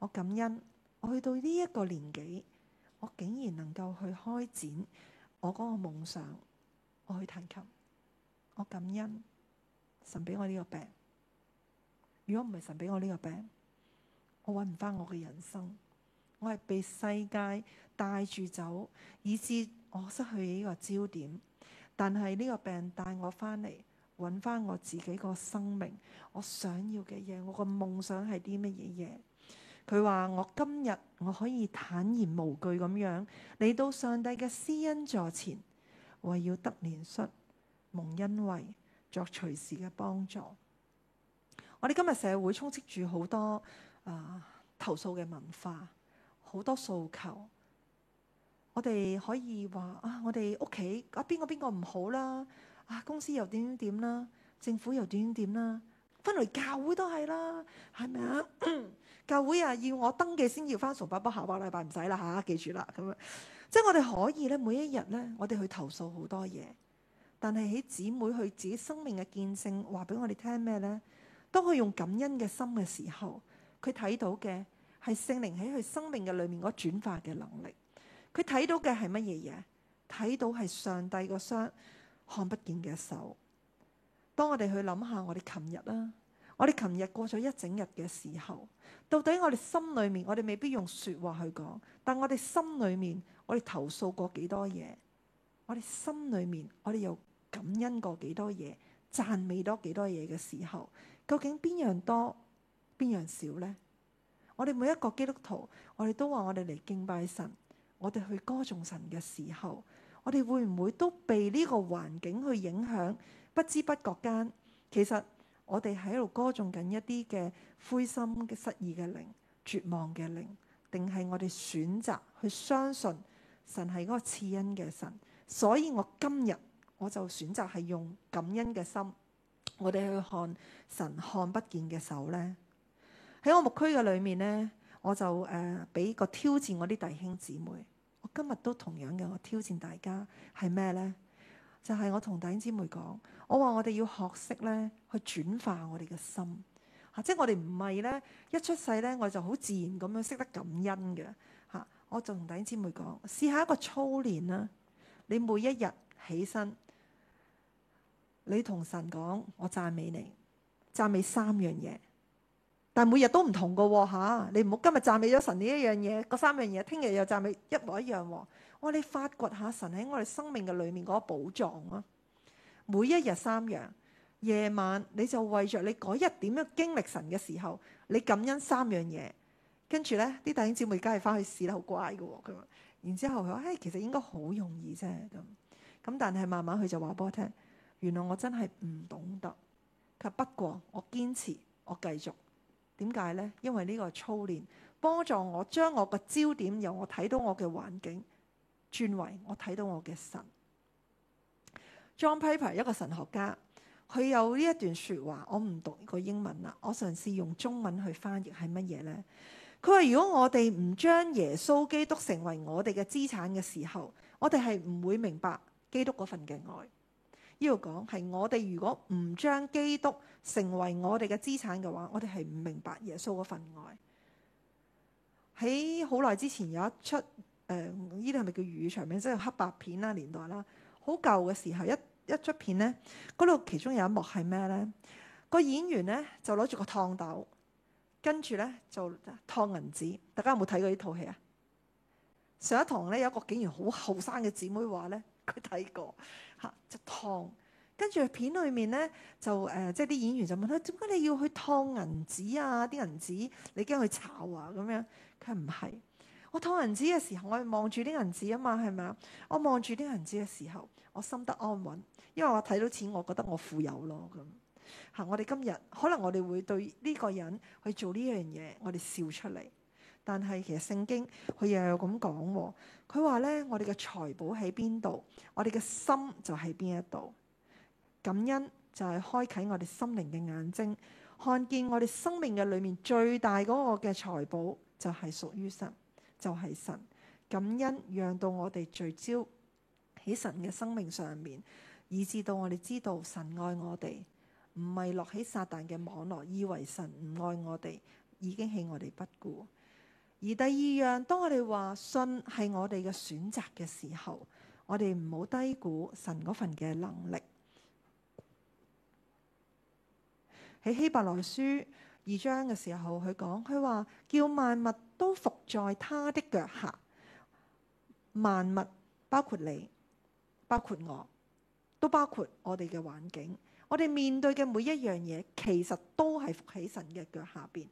我感恩我去到呢一個年紀，我竟然能夠去開展我嗰個夢想，我去彈琴，我感恩神俾我呢個病，如果唔係神俾我呢個病。我揾唔翻我嘅人生，我係被世界帶住走，以致我失去呢個焦點。但係呢個病帶我翻嚟，揾翻我自己個生命，我想要嘅嘢，我個夢想係啲乜嘢嘢？佢話我今日我可以坦然無懼咁樣嚟到上帝嘅施恩座前，為要得憐恤，蒙恩惠、作隨時嘅幫助。我哋今日社會充斥住好多。啊！投訴嘅文化好多訴求，我哋可以話啊，我哋屋企啊，邊個邊個唔好啦啊，公司又點點點啦，政府又點點點啦，返嚟教會都係啦，係咪啊？教會啊，要我登記先，要返崇拜下個禮拜唔使啦嚇，記住啦咁樣，即係我哋可以咧，每一日咧，我哋去投訴好多嘢，但係喺姊妹去自己生命嘅見證，話俾我哋聽咩咧？當佢用感恩嘅心嘅時候。佢睇到嘅係聖靈喺佢生命嘅裏面嗰轉化嘅能力。佢睇到嘅係乜嘢嘢？睇到係上帝嗰雙看不見嘅手。當我哋去諗下我哋琴日啦，我哋琴日過咗一整日嘅時候，到底我哋心裏面，我哋未必用說話去講，但我哋心裏面，我哋投訴過幾多嘢？我哋心裏面，我哋又感恩過幾多嘢？讚美多幾多嘢嘅時候，究竟邊樣多？邊樣少呢？我哋每一個基督徒，我哋都話我哋嚟敬拜神，我哋去歌頌神嘅時候，我哋會唔會都被呢個環境去影響？不知不覺間，其實我哋喺度歌頌緊一啲嘅灰心嘅失意嘅靈、絕望嘅靈，定係我哋選擇去相信神係嗰個賜恩嘅神？所以我今日我就選擇係用感恩嘅心，我哋去看神看不見嘅手呢。喺我牧區嘅裏面呢，我就誒俾、呃、個挑戰我啲弟兄姊妹。我今日都同樣嘅，我挑戰大家係咩呢？就係、是、我同弟兄姊妹講，我話我哋要學識呢去轉化我哋嘅心，吓、啊，即係我哋唔係呢，一出世呢、啊，我就好自然咁樣識得感恩嘅吓。我就同弟兄姊妹講，試下一個操練啦。你每一日起身，你同神講，我讚美你，讚美三樣嘢。但係每日都唔同噶吓、哦，你唔好今日讚美咗神呢一樣嘢，嗰三樣嘢，聽日又讚美一模一樣、哦。我、哦、你發掘下神喺我哋生命嘅裏面嗰個寶藏啊！每一日三樣，夜晚你就為着你嗰日點樣經歷神嘅時候，你感恩三樣嘢。跟住咧啲弟兄姊妹家係翻去試啦，好乖噶。佢話，然之後佢話，誒、哎，其實應該好容易啫。咁咁，但係慢慢佢就話俾我聽，原來我真係唔懂得。佢不過我堅持，我繼續。點解呢？因為呢個操練幫助我將我個焦點由我睇到我嘅環境轉為我睇到我嘅神。John Piper 一個神學家，佢有呢一段說話，我唔讀呢個英文啦，我嘗試用中文去翻譯係乜嘢呢？佢話如果我哋唔將耶穌基督成為我哋嘅資產嘅時候，我哋係唔會明白基督嗰份嘅愛。要講係我哋如果唔將基督成為我哋嘅資產嘅話，我哋係唔明白耶穌嗰份愛。喺好耐之前有一出誒，呢啲係咪叫粵語長片，即係黑白片啦、啊、年代啦、啊，好舊嘅時候一一出片咧，嗰度其中有一幕係咩咧？那個演員咧就攞住個熨斗，跟住咧就燙銀紙。大家有冇睇過呢套戲啊？上一堂咧有一個竟然好後生嘅姊妹話咧。佢睇過嚇、啊，就燙。跟住片裏面呢，就誒、呃，即係啲演員就問佢，點解你要去燙銀紙啊？啲銀紙你驚佢炒啊？咁樣佢唔係，我燙銀紙嘅時候，我望住啲銀紙啊嘛，係咪啊？我望住啲銀紙嘅時候，我心得安穩，因為我睇到錢，我覺得我富有咯。咁、啊、嚇，我哋今日可能我哋會對呢個人去做呢樣嘢，我哋笑出嚟。但係其實聖經佢又有咁講，哦，佢話咧：我哋嘅財寶喺邊度，我哋嘅心就喺邊一度。感恩就係開啟我哋心靈嘅眼睛，看見我哋生命嘅裏面最大嗰個嘅財寶就係屬於神，就係、是、神。感恩讓到我哋聚焦喺神嘅生命上面，以至到我哋知道神愛我哋，唔係落喺撒旦嘅網絡，以為神唔愛我哋，已經棄我哋不顧。而第二樣，當我哋話信係我哋嘅選擇嘅時候，我哋唔好低估神嗰份嘅能力。喺希伯來書二章嘅時候，佢講佢話，叫萬物都服在他的腳下，萬物包括你，包括我，都包括我哋嘅環境，我哋面對嘅每一樣嘢，其實都係服喺神嘅腳下邊。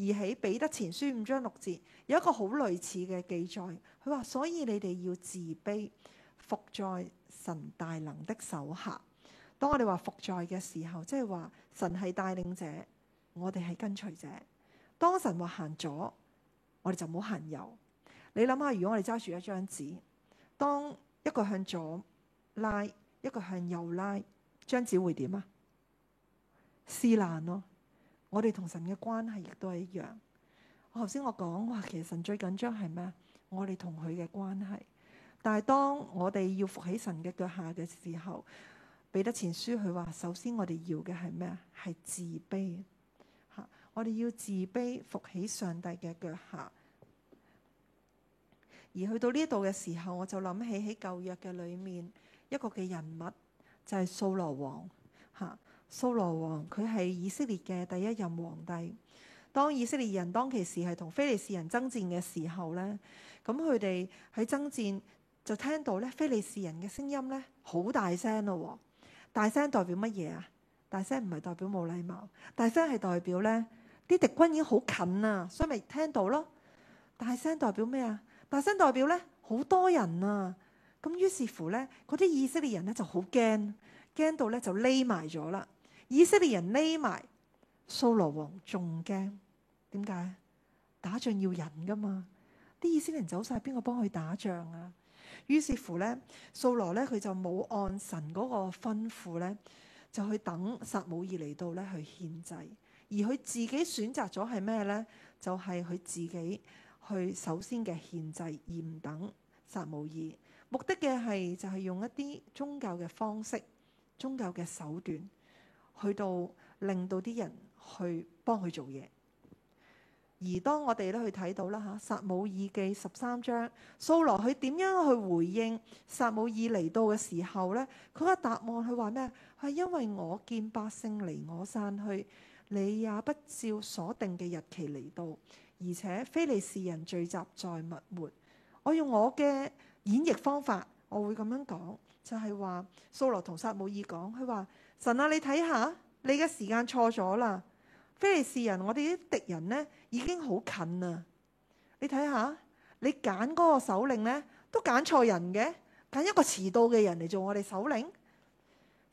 而喺彼得前書五章六節有一個好類似嘅記載，佢話：所以你哋要自卑，服在神大能的手下。當我哋話服在嘅時候，即係話神係帶領者，我哋係跟隨者。當神話行左，我哋就唔好行右。你諗下，如果我哋揸住一張紙，當一個向左拉，一個向右拉，張紙會點啊？撕爛咯！我哋同神嘅關係亦都係一樣我我，我頭先我講話，其實神最緊張係咩啊？我哋同佢嘅關係。但係當我哋要伏喺神嘅腳下嘅時候，彼得前書佢話，首先我哋要嘅係咩啊？係自卑。吓，我哋要自卑伏喺上帝嘅腳下。而去到呢度嘅時候，我就諗起喺舊約嘅裏面一個嘅人物就係掃羅王。吓。掃羅王佢係以色列嘅第一任皇帝。當以色列人當其時係同非利士人爭戰嘅時候呢，咁佢哋喺爭戰就聽到咧非利士人嘅聲音咧，好大聲咯。大聲代表乜嘢啊？大聲唔係代表冇禮貌，大聲係代表咧啲敵軍已經好近啊，所以咪聽到咯。大聲代表咩啊？大聲代表咧好多人啊。咁於是乎呢，嗰啲以色列人呢就好驚，驚到咧就匿埋咗啦。以色列人匿埋，掃羅王仲驚點解？打仗要人噶嘛？啲以色列人走晒，邊個幫佢打仗啊？於是乎咧，掃羅咧佢就冇按神嗰個吩咐咧，就去等撒母耳嚟到咧去獻祭，而佢自己選擇咗係咩咧？就係、是、佢自己去首先嘅獻祭，而唔等撒母耳，目的嘅係就係、是、用一啲宗教嘅方式、宗教嘅手段。去到令到啲人去幫佢做嘢，而當我哋都去睇到啦吓，撒母耳記十三章，掃羅佢點樣去回應撒母耳嚟到嘅時候咧？佢個答案佢話咩？係因為我見百姓離我散去，你也不照所定嘅日期嚟到，而且非利士人聚集在密抹。我用我嘅演繹方法，我會咁樣講，就係話，掃羅同撒母耳講，佢話。神啊，你睇下，你嘅時間錯咗啦！非利士人，我哋啲敵人呢已經好近啦。你睇下，你揀嗰個首領呢，都揀錯人嘅，揀一個遲到嘅人嚟做我哋首領。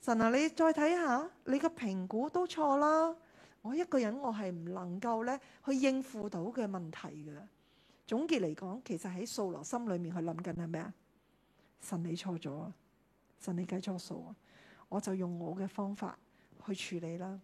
神啊，你再睇下，你個評估都錯啦。我一個人我係唔能夠呢去應付到嘅問題嘅。總結嚟講，其實喺掃羅心裏面去諗緊係咩啊？神你錯咗啊！神你計錯數啊！我就用我嘅方法去處理啦。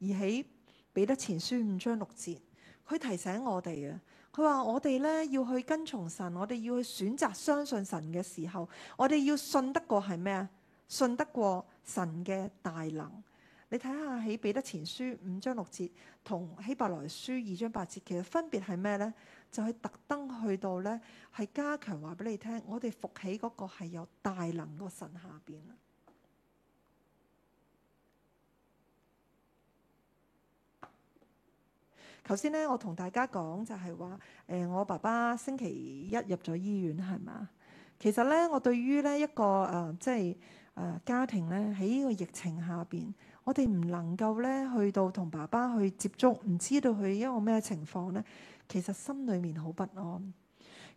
而喺彼得前書五章六節，佢提醒我哋呀，佢話我哋咧要去跟從神，我哋要去選擇相信神嘅時候，我哋要信得過係咩啊？信得過神嘅大能。你睇下喺彼得前書五章六節同希伯來書二章八節，其實分別係咩咧？就係特登去到咧，係加強話俾你聽。我哋復起嗰個係有大能個神下邊。頭先咧，我同大家講就係話誒，我爸爸星期一入咗醫院係嘛。其實咧，我對於呢一個誒、呃，即係誒、呃、家庭咧喺呢個疫情下邊，我哋唔能夠咧去到同爸爸去接觸，唔知道佢因為咩情況咧。其實心裏面好不安，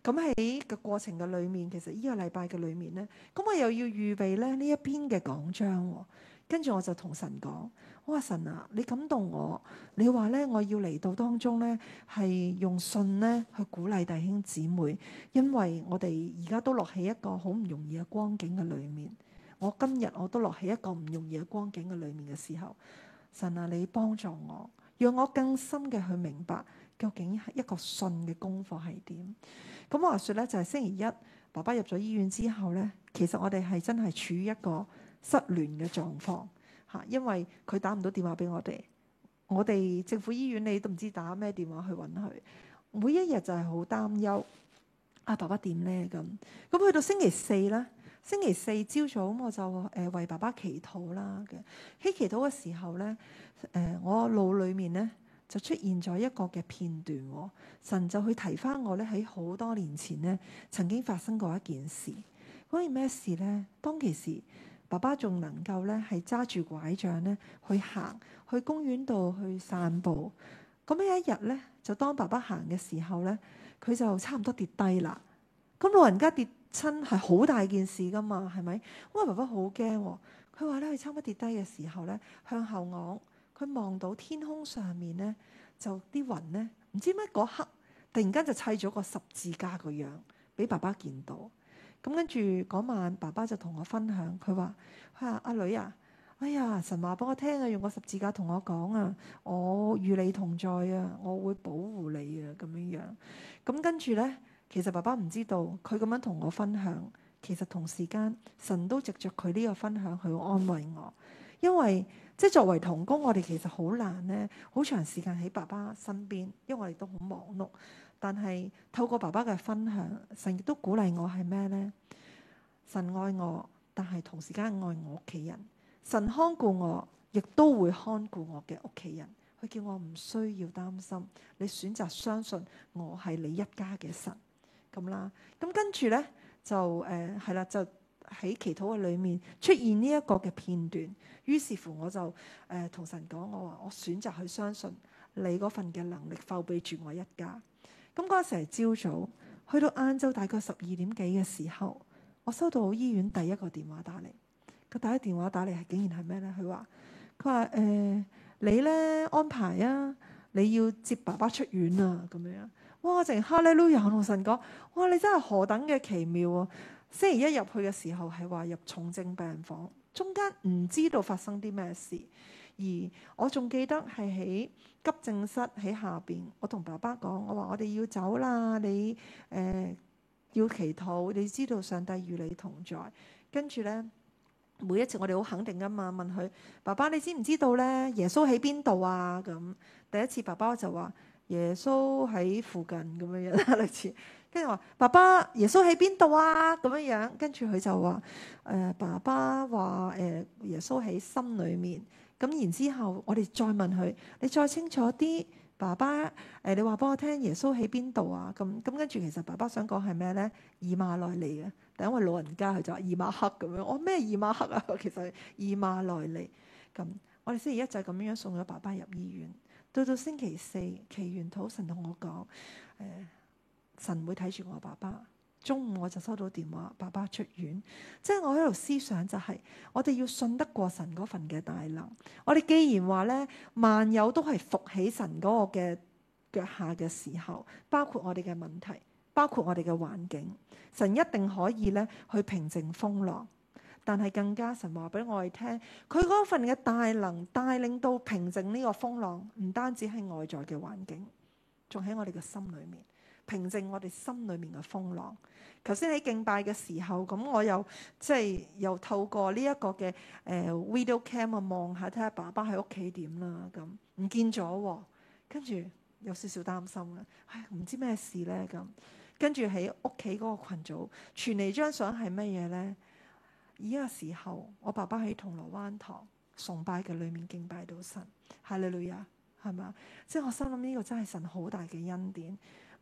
咁喺個過程嘅裏面，其實呢個禮拜嘅裏面呢，咁我又要預備咧呢一篇嘅講章、哦，跟住我就同神講：我話神啊，你感動我，你話呢，我要嚟到當中呢，係用信呢去鼓勵弟兄姊妹，因為我哋而家都落喺一個好唔容易嘅光景嘅裏面。我今日我都落喺一個唔容易嘅光景嘅裏面嘅時候，神啊，你幫助我，讓我更深嘅去明白。究竟係一個信嘅功課係點？咁我話説咧，就係、是、星期一爸爸入咗醫院之後咧，其實我哋係真係處於一個失聯嘅狀況嚇，因為佢打唔到電話俾我哋，我哋政府醫院你都唔知打咩電話去揾佢。每一日就係好擔憂，阿、啊、爸爸點咧咁。咁去到星期四啦，星期四朝早我就誒為爸爸祈禱啦嘅。喺祈禱嘅時候咧，誒我腦裏面咧。就出現咗一個嘅片段、哦，神就去提翻提返我咧，喺好多年前呢，曾經發生過一件事。嗰件咩事呢？當其時爸爸仲能夠咧係揸住拐杖咧，去行，去公園度去散步。咁喺一日咧就當爸爸行嘅時候咧，佢就差唔多跌低啦。咁老人家跌親係好大件事㗎嘛，係咪？我爸爸好驚、哦，佢話咧佢差唔多跌低嘅時候咧向後昂。佢望到天空上面呢，就啲雲呢，唔知乜嗰刻，突然間就砌咗個十字架個樣，俾爸爸見到。咁跟住嗰晚，爸爸就同我分享，佢話：佢話阿女啊，哎呀，神話俾我聽啊，用個十字架同我講啊，我與你同在啊，我會保護你啊，咁樣樣。咁跟住呢，其實爸爸唔知道，佢咁樣同我分享，其實同時間神都藉着佢呢個分享去安慰我，因為，即係作為同工，我哋其實好難咧，好長時間喺爸爸身邊，因為我哋都好忙碌。但係透過爸爸嘅分享，神亦都鼓勵我係咩咧？神愛我，但係同時間愛我屋企人。神看顧我，亦都會看顧我嘅屋企人。佢叫我唔需要擔心，你選擇相信我係你一家嘅神咁啦。咁跟住咧就誒係啦就。呃喺祈禱嘅裏面出現呢一個嘅片段，於是乎我就誒同、呃、神講，我話我選擇去相信你嗰份嘅能力，否備住我一家。咁嗰陣時係朝早，去到晏晝大概十二點幾嘅時候，我收到醫院第一個電話打嚟，佢打個電話打嚟係竟然係咩咧？佢話佢話誒你咧安排啊，你要接爸爸出院啊咁樣。哇！成哈利路亞都有同神講，哇！你真係何等嘅奇妙啊！星期一入去嘅時候係話入重症病房，中間唔知道發生啲咩事。而我仲記得係喺急症室喺下邊，我同爸爸講：我話我哋要走啦，你誒、呃、要祈禱，你知道上帝與你同在。跟住呢，每一次我哋好肯定噶嘛，問佢：爸爸，你知唔知道呢？耶穌喺邊度啊？咁第一次爸爸就話耶穌喺附近咁樣樣啦，類似。跟住話：爸爸，耶穌喺邊度啊？咁樣樣，跟住佢就話：誒、呃，爸爸話誒、呃，耶穌喺心裏面。咁然之後，我哋再問佢：你再清楚啲，爸爸誒、呃，你話俾我聽耶穌喺邊度啊？咁咁跟住，其實爸爸想講係咩咧？以馬內利啊！但因為老人家，佢就話以馬克咁、啊、樣。我咩以馬克啊？其實以馬內利。咁我哋星期一就咁樣送咗爸爸入醫院。到到星期四，祈完禱，神同我講：誒、呃。神會睇住我爸爸。中午我就收到電話，爸爸出院。即係我喺度思想就係，我哋要信得過神嗰份嘅大能。我哋既然話呢，萬有都係伏起神嗰個嘅腳下嘅時候，包括我哋嘅問題，包括我哋嘅環境，神一定可以呢去平靜風浪。但係更加神話俾我哋聽，佢嗰份嘅大能帶領到平靜呢個風浪，唔單止喺外在嘅環境，仲喺我哋嘅心裏面。平靜我哋心裏面嘅風浪。頭先喺敬拜嘅時候，咁我又即係又透過呢一個嘅誒、呃、video cam 啊，望下睇下爸爸喺屋企點啦。咁唔見咗，跟住有少少擔心啦。唉，唔知咩事咧咁，跟住喺屋企嗰個羣組傳嚟張相係乜嘢咧？而家時候，我爸爸喺銅鑼灣堂崇拜嘅裏面敬拜到神，係你女啊，係咪？即係我心諗呢個真係神好大嘅恩典。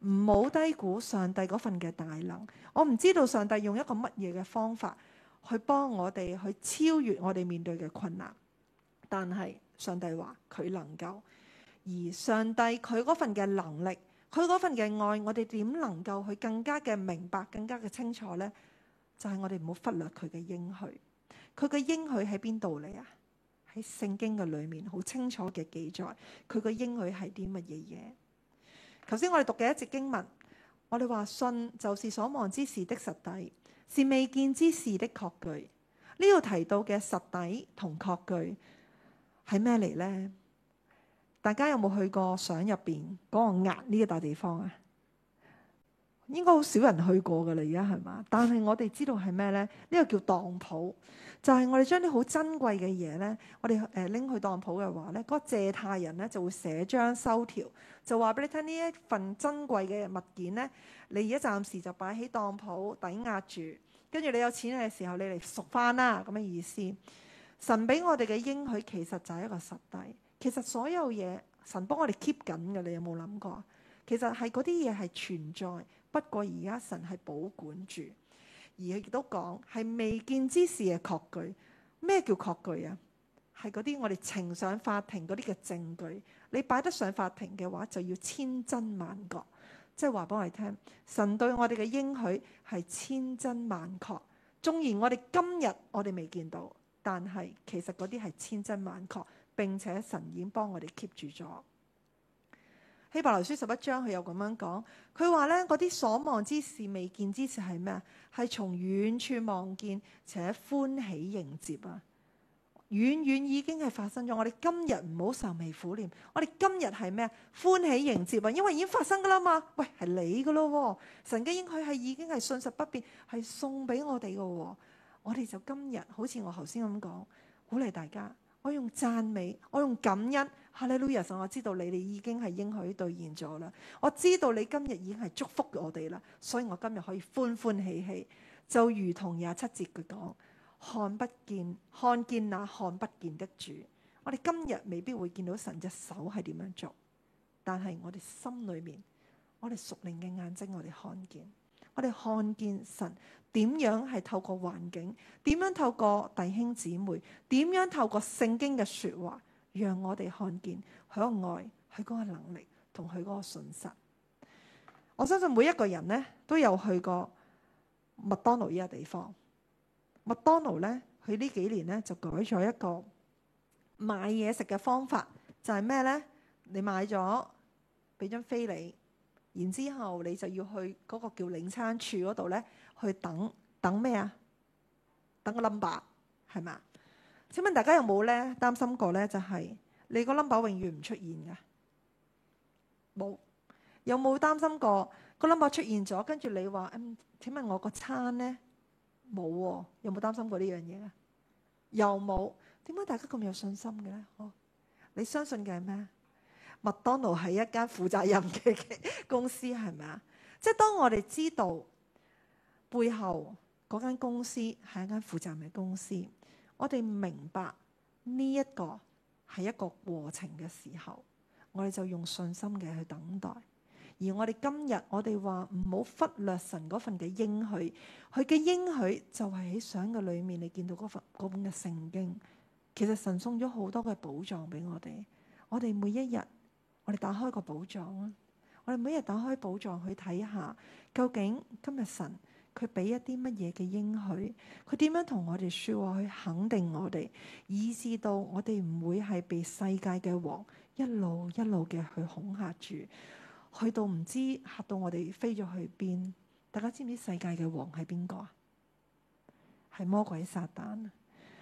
唔好低估上帝嗰份嘅大能。我唔知道上帝用一個乜嘢嘅方法去幫我哋去超越我哋面對嘅困難，但係上帝話佢能夠。而上帝佢嗰份嘅能力，佢嗰份嘅愛，我哋點能夠去更加嘅明白，更加嘅清楚咧？就係我哋唔好忽略佢嘅應許。佢嘅應許喺邊度嚟啊？喺聖經嘅裏面好清楚嘅記載，佢嘅應許係啲乜嘢嘢？頭先我哋讀嘅一節經文，我哋話，信就是所望之事的實底，是未見之事的確據。呢度提到嘅實底同確據係咩嚟呢？大家有冇去過相入邊嗰個押呢個大地方啊？應該好少人去過噶啦，而家係嘛？但係我哋知道係咩呢？呢個叫當鋪。就係我哋將啲好珍貴嘅嘢呢，我哋誒拎去當鋪嘅話呢，嗰個借貸人呢就會寫張收條，就話俾你聽呢一份珍貴嘅物件呢，你而家暫時就擺喺當鋪抵押住，跟住你有錢嘅時候你嚟贖翻啦，咁嘅意思。神俾我哋嘅應許其實就係一個實底，其實所有嘢神幫我哋 keep 緊嘅，你有冇諗過？其實係嗰啲嘢係存在，不過而家神係保管住。而佢亦都講係未見之事嘅確據。咩叫確據啊？係嗰啲我哋呈上法庭嗰啲嘅證據。你擺得上法庭嘅話，就要千真萬確。即係話，畀我哋聽神對我哋嘅應許係千真萬確。縱然我哋今日我哋未見到，但係其實嗰啲係千真萬確。並且神已經幫我哋 keep 住咗希伯來書十一章，佢又咁樣講。佢話咧，嗰啲所望之事未見之事係咩啊？係從遠處望見，且歡喜迎接啊！遠遠已經係發生咗。我哋今日唔好愁眉苦臉，我哋今日係咩啊？歡喜迎接啊！因為已經發生噶啦嘛。喂，係你噶咯，神嘅應許係已經係信實不變，係送俾我哋噶。我哋就今日，好似我頭先咁講，鼓勵大家。我用讚美，我用感恩。哈利路亞神，我知道你哋已經係應許兌現咗啦。我知道你今日已經係祝福我哋啦，所以我今日可以歡歡喜喜，就如同廿七節佢講：看不見，看見那看不見的主。我哋今日未必會見到神隻手係點樣做，但係我哋心裏面，我哋屬靈嘅眼睛，我哋看見，我哋看見神。點樣係透過環境？點樣透過弟兄姊妹？點樣透過聖經嘅説話，讓我哋看見佢個愛、佢個能力同佢個信實。我相信每一個人呢都有去過麥當勞呢個地方。麥當勞呢，佢呢幾年呢就改咗一個買嘢食嘅方法，就係咩呢？你買咗，俾張飛你。然之後，你就要去嗰個叫領餐處嗰度呢，去等等咩啊？等個 number 係嘛？請問大家有冇呢？擔心過呢？就係、是、你個 number 永遠唔出現㗎，冇有冇擔心過、個 number 出現咗，跟住你話嗯？請問我個餐呢？冇喎、哦，有冇擔心過呢樣嘢啊？又冇，點解大家咁有信心嘅呢？哦，你相信嘅係咩？麥當勞係一間負責任嘅公司，係咪啊？即係當我哋知道背後嗰間公司係一間負責任嘅公司，我哋明白呢一個係一個過程嘅時候，我哋就用信心嘅去等待。而我哋今日，我哋話唔好忽略神嗰份嘅應許，佢嘅應許就係喺相嘅裏面你，你見到嗰份嗰本嘅聖經。其實神送咗好多嘅寶藏俾我哋，我哋每一日。我哋打開個寶藏啊！我哋每日打開寶藏去睇下，究竟今日神佢俾一啲乜嘢嘅應許？佢點樣同我哋說話去肯定我哋，以至到我哋唔會係被世界嘅王一路一路嘅去恐嚇住，去到唔知嚇到我哋飛咗去邊？大家知唔知世界嘅王係邊個啊？係魔鬼撒旦。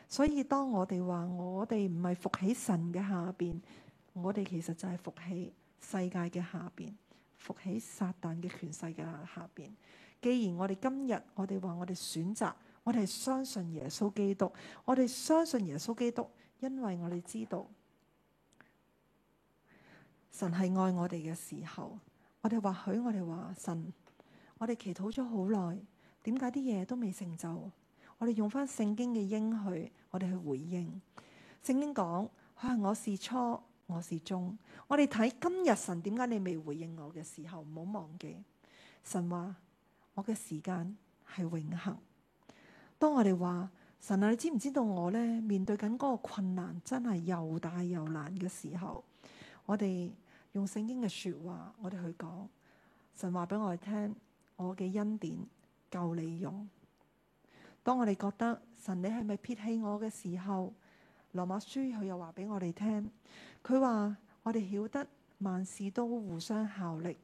所以當我哋話我哋唔係伏喺神嘅下邊。我哋其實就係服喺世界嘅下邊，服喺撒旦嘅權勢嘅下邊。既然我哋今日我哋話我哋選擇，我哋相信耶穌基督，我哋相信耶穌基督，因為我哋知道神係愛我哋嘅時候，我哋或許我哋話神，我哋祈禱咗好耐，點解啲嘢都未成就？我哋用翻聖經嘅應許，我哋去回應。聖經講：可能我是初。我始終，我哋睇今日神點解你未回應我嘅時候，唔好忘記神話我嘅時間係永恆。當我哋話神啊，你知唔知道我呢面對緊嗰個困難真係又大又難嘅時候，我哋用聖經嘅說話，我哋去講神話俾我哋聽。我嘅恩典夠你用。當我哋覺得神你係咪撇棄我嘅時候，《羅馬書》佢又話俾我哋聽。佢話：我哋曉得萬事都互相效力，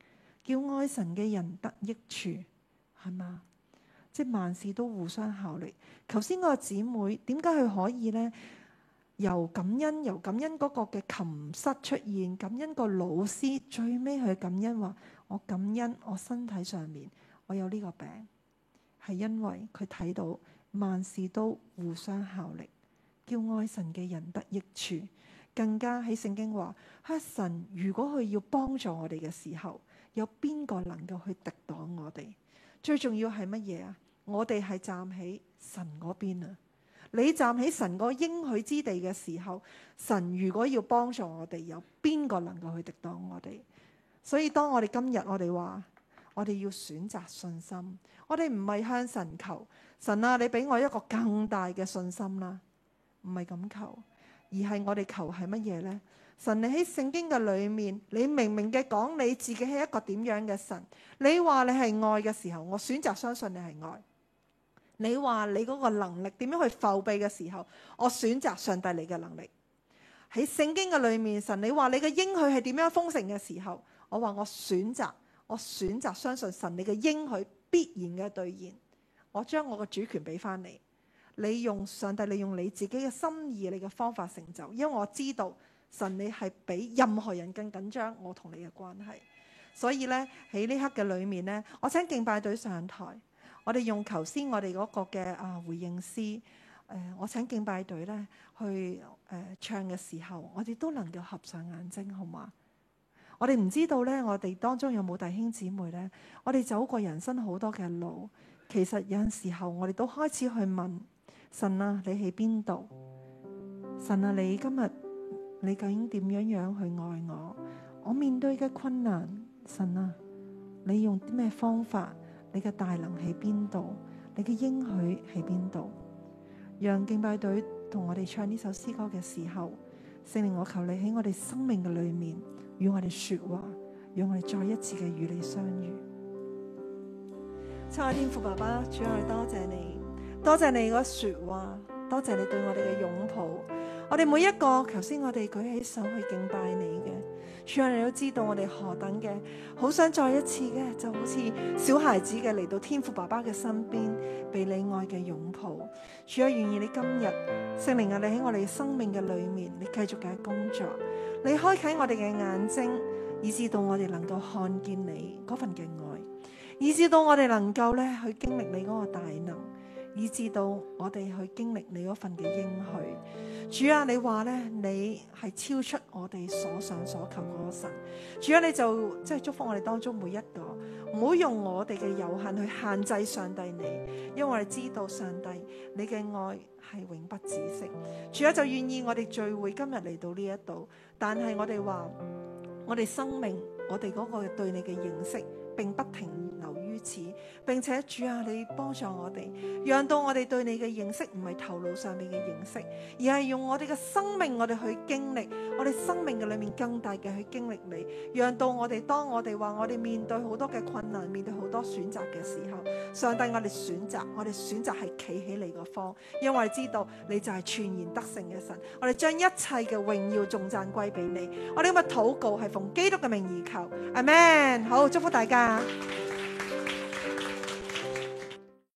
叫愛神嘅人得益處，係嘛？即係萬事都互相效力。頭先個姊妹點解佢可以呢？由感恩由感恩嗰個嘅琴室出現，感恩個老師最尾佢感恩話：我感恩我身體上面我有呢個病，係因為佢睇到萬事都互相效力，叫愛神嘅人得益處。更加喺聖經話，哈、啊、神如果佢要幫助我哋嘅時候，有邊個能夠去敵擋我哋？最重要係乜嘢啊？我哋係站喺神嗰邊啊！你站喺神個應許之地嘅時候，神如果要幫助我哋，有邊個能夠去敵擋我哋？所以當我哋今日我哋話，我哋要選擇信心，我哋唔係向神求，神啊你俾我一個更大嘅信心啦，唔係咁求。而係我哋求係乜嘢呢？神你喺聖經嘅裏面，你明明嘅講你自己係一個點樣嘅神？你話你係愛嘅時候，我選擇相信你係愛。你話你嗰個能力點樣去伏筆嘅時候，我選擇上帝你嘅能力。喺聖經嘅裏面，神你話你嘅應許係點樣豐盛嘅時候，我話我選擇，我選擇相信神你嘅應許必然嘅兌現。我將我嘅主權畀返你。你用上帝，你用你自己嘅心意，你嘅方法成就。因為我知道神，你係比任何人更緊張我同你嘅關係，所以咧喺呢刻嘅裏面咧，我請敬拜隊上台，我哋用頭先我哋嗰個嘅啊回應詩。誒，我請敬拜隊咧去誒唱嘅時候，我哋都能夠合上眼睛，好嗎？我哋唔知道咧，我哋當中有冇弟兄姊妹咧？我哋走過人生好多嘅路，其實有陣時候我哋都開始去問。神啊，你喺邊度？神啊，你今日你究竟點樣樣去愛我？我面對嘅困難，神啊，你用啲咩方法？你嘅大能喺邊度？你嘅應許喺邊度？讓敬拜隊同我哋唱呢首詩歌嘅時候，聖靈，我求你喺我哋生命嘅裏面與我哋說話，讓我哋再一次嘅與你相遇。親愛天父爸爸，主愛多謝你。多謝你個說話，多謝你對我哋嘅擁抱。我哋每一個，頭先我哋舉起手去敬拜你嘅，主啊，你都知道我哋何等嘅，好想再一次嘅，就好似小孩子嘅嚟到天父爸爸嘅身邊，被你愛嘅擁抱。主啊，願意你今日聖靈啊，你喺我哋生命嘅裏面，你繼續嘅工作，你開啟我哋嘅眼睛，以至到我哋能夠看見你嗰份嘅愛，以至到我哋能夠咧去經歷你嗰個大能，以至到我哋去經歷你份嘅應許，主啊，你話咧，你係超出我哋所想所求個神，主啊，你就即係祝福我哋當中每一個，唔好用我哋嘅有限去限制上帝你，因為我哋知道上帝你嘅愛係永不止息，主啊，就願意我哋聚會今日嚟到呢一度，但係我哋話，我哋生命，我哋個對你嘅認識，并不停留於此。並且主啊，你幫助我哋，讓到我哋對你嘅認識唔係頭腦上面嘅認識，而係用我哋嘅生命我，我哋去經歷，我哋生命嘅裏面更大嘅去經歷你。讓到我哋當我哋話我哋面對好多嘅困難，面對好多選擇嘅時候，上帝我哋選擇，我哋選擇係企喺你個方，因為我哋知道你就係全然得勝嘅神。我哋將一切嘅榮耀頌讚歸俾你。我哋咁嘅禱告係奉基督嘅名而求，阿們，好，祝福大家。